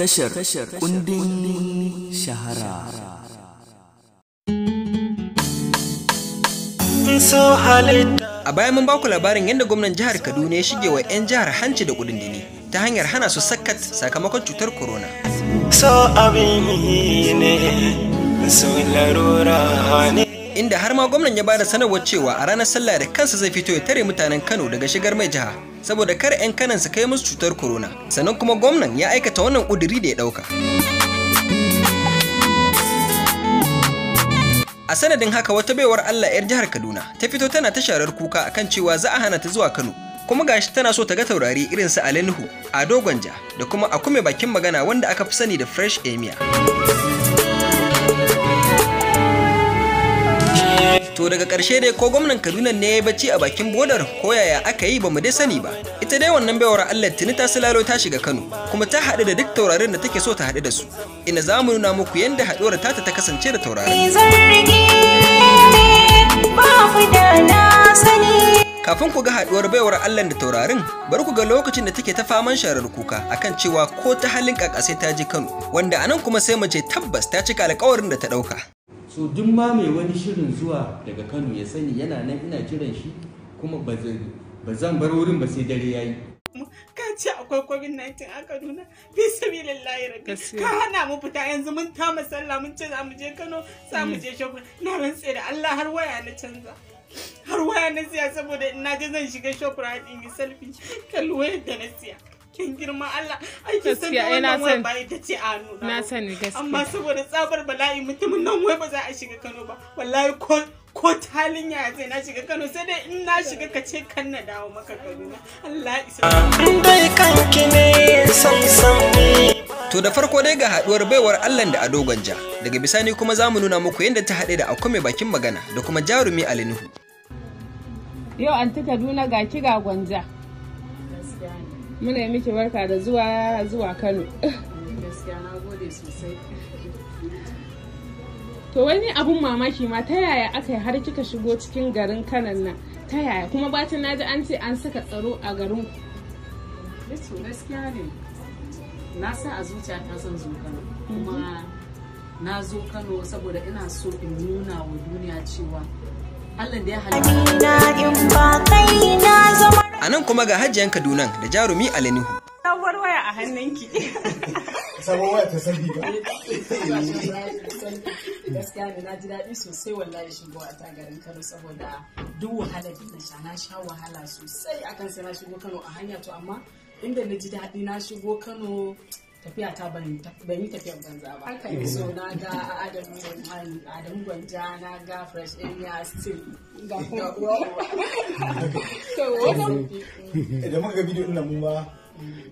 tashar kundin shahara a baya mun baku labarin yadda gwamnan jihar kaduna ya shige wa 'yan jihar hanci da kudin dini ta hanyar hana su sakat sakamakon cutar corona so abin ne so larura ne inda har ma gwamnan ya bada sanarwar cewa a ranar sallah da kansa zai fito ya tare mutanen Kano daga shigar mai jiha saboda kar 'yan kanon su kai musu cutar corona sannan kuma gwamnan ya aikata wannan kuduri da ya ɗauka. a sanadin haka wata baiwar Allah 'yar jihar Kaduna ta fito tana ta sharar kuka akan cewa za a hana ta zuwa Kano kuma gashi tana so ta ga taurari irin su Alenhu, Ado Gwanja da kuma a Akume bakin magana wanda aka fi sani da Fresh Emia. daga ƙarshe dai ko gwamnan Kaduna ne ya yi bacci a bakin bodar ko yaya aka yi bamu dai sani ba. Ita dai wannan baiwar Allah tuni ta silalo ta shiga Kano kuma ta haɗu da duk taurarin da take so ta haɗu da su. Ina za mu nuna muku yadda haɗuwar tata ta kasance da taurarin. Kafin ku ga haɗuwar baiwar Allah da taurarin, bari ku ga lokacin da take ta faman sharar kuka akan cewa ko ta halin kakasai ta je Kano, wanda anan kuma sai mace tabbas ta cika alƙawarin da ta ɗauka. so duk ma mai wani shirin zuwa daga kano ya sani yana nan ina kiran shi kuma ba zan bar wurin ba sai dare ya yi ka ce akwai covid-19 a kaduna fi sabi lallahi ka hana mu fita yanzu mun ta masalla mun ce za mu je kano za mu je shaguna na rantse da allah har waya na canza har waya na siya saboda ina je zan shiga shopra in yi selfie kallo da na siya kin girma Allah eh, na sani gaskiya amma saboda tsabar bala'i mutumin nan wai ba za a shiga kanki ne ne To da farko dai ga haduwar baiwar Allah da Ado Gwanja daga bisani kuma za mu nuna muku yadda ta haɗe da akwai mai bakin magana da kuma jarumi Alinuhu. Yau an ta Kaduna ga ki ga Gwanja. muna miki barka da zuwa zuwa kano to wani abun mamaki ma ta yaya aka yi har kika shigo cikin garin kanan nan ta yaya kuma bacin naji an ce an saka tsaro a garin ku eh gaskiya ne na sa a zuciya ta son zo kano kuma mm-hmm. na zo kano saboda ina so in nuna wa duniya cewa allah da ya halitta na in ba kai na zama A nan kuma ga hajiyan Kadunan da jarumi Alenihu. Sabuwar waya a hannunki. Sabuwar waya ta sabi ba. Gaskiya da na ji daɗi sosai wallahi shigo a tagarin Kano saboda duk wahalar da sha na sha wahala sosai akan sai na shigo Kano a hanya to amma inda na ji daɗi na shigo Kano tafiya ta ban yi tafiyan banza ba haka yi so na ga adamu gwanja na ga fresh area still ga kuma idan muka ga bidiyo ɗin mun ba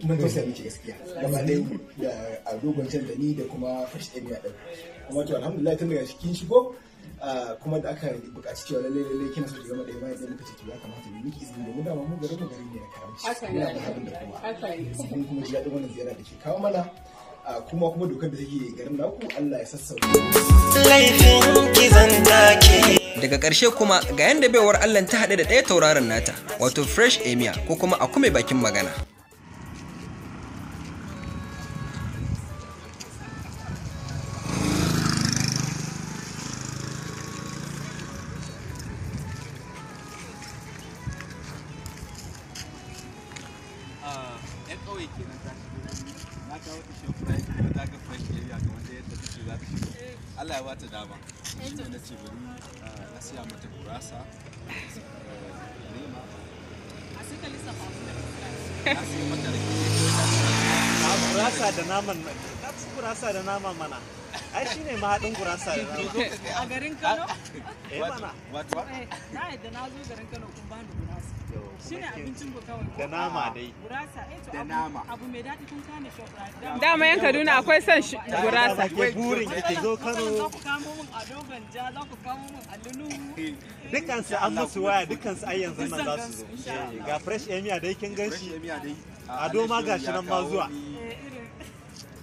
mun tausaya miki gaskiya gaba ɗaya da a dogon can da ni da kuma fresh area ɗin kuma to alhamdulillah tun daga cikin shigo Ah, kuma da aka buƙaci cewa lalle lalle kina so ki gama da yawa idan muka to ya kamata ne miki izini domin dama mu garin mu gari ne na karamci yana da abin da kuma mun kuma ji daɗin wannan ziyara da ke kawo mana ah, kuma kuma dokar da take garin naku Allah ya sassauta laifin zanta dake daga ƙarshe kuma ga yanda baiwar Allah ta haɗe da ɗaya tauraron nata wato fresh emia ko kuma akume bakin magana akwai kiriya kamar da yadda take za ta Allah ya bata dama shi ne na bari ah, na siya mata gurasa nema a suka da naman gurasa da naman mana ai shi ne mahaɗin gurasa da a garin kano? eh mana wato eh, na yadda na zo garin kano kun bani gurasa shi ne abincin ku kawai da nama ah, dai gurasa eh to da nama abu mai daɗi kun kane shop dama yan kaduna akwai son gurasa ke burin yake zo kano za ku kamo min a dogon ja za ku kamo min a lulu dukkan su an musu waya dukkan su ai yanzu nan za su zo ga fresh emia dai kin gan shi a doma gashi nan ma zuwa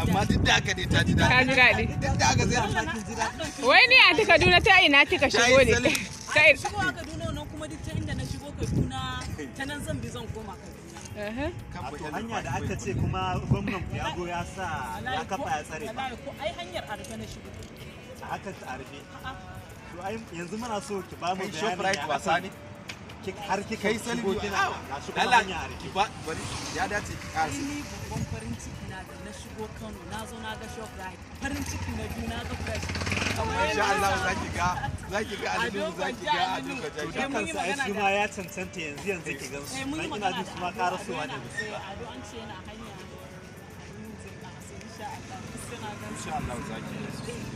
amma duk da ta ji daɗi. Ka ji daɗi. Duk da ji daɗi. Wai ni a ta Kaduna ta ina kika shigo ne. Ta yi shigo a Kaduna kuma duk ta inda na shigo Kaduna ta nan zan bi zan koma Kaduna. hanya da aka ce kuma gwamnan ya sa ya kafa ya tsare ba. Ai hanyar na shigo. A To ai yanzu muna so ki ba mu bayani. ne? har kika yi salbi Allah ki ba bari ya dace ki karasa ni babban farin ciki na da na shigo Kano na zo na ga shop right farin ciki na biyu na ga fresh insha Allah za ki ga za ki ga alidu za ki ga ado ka jaji kan sa ai su ma ya cancanta yanzu yanzu ki gan su dan ina jin su ma karasowa ne ado an ce yana hanya ah, insha Allah insha Allah za ki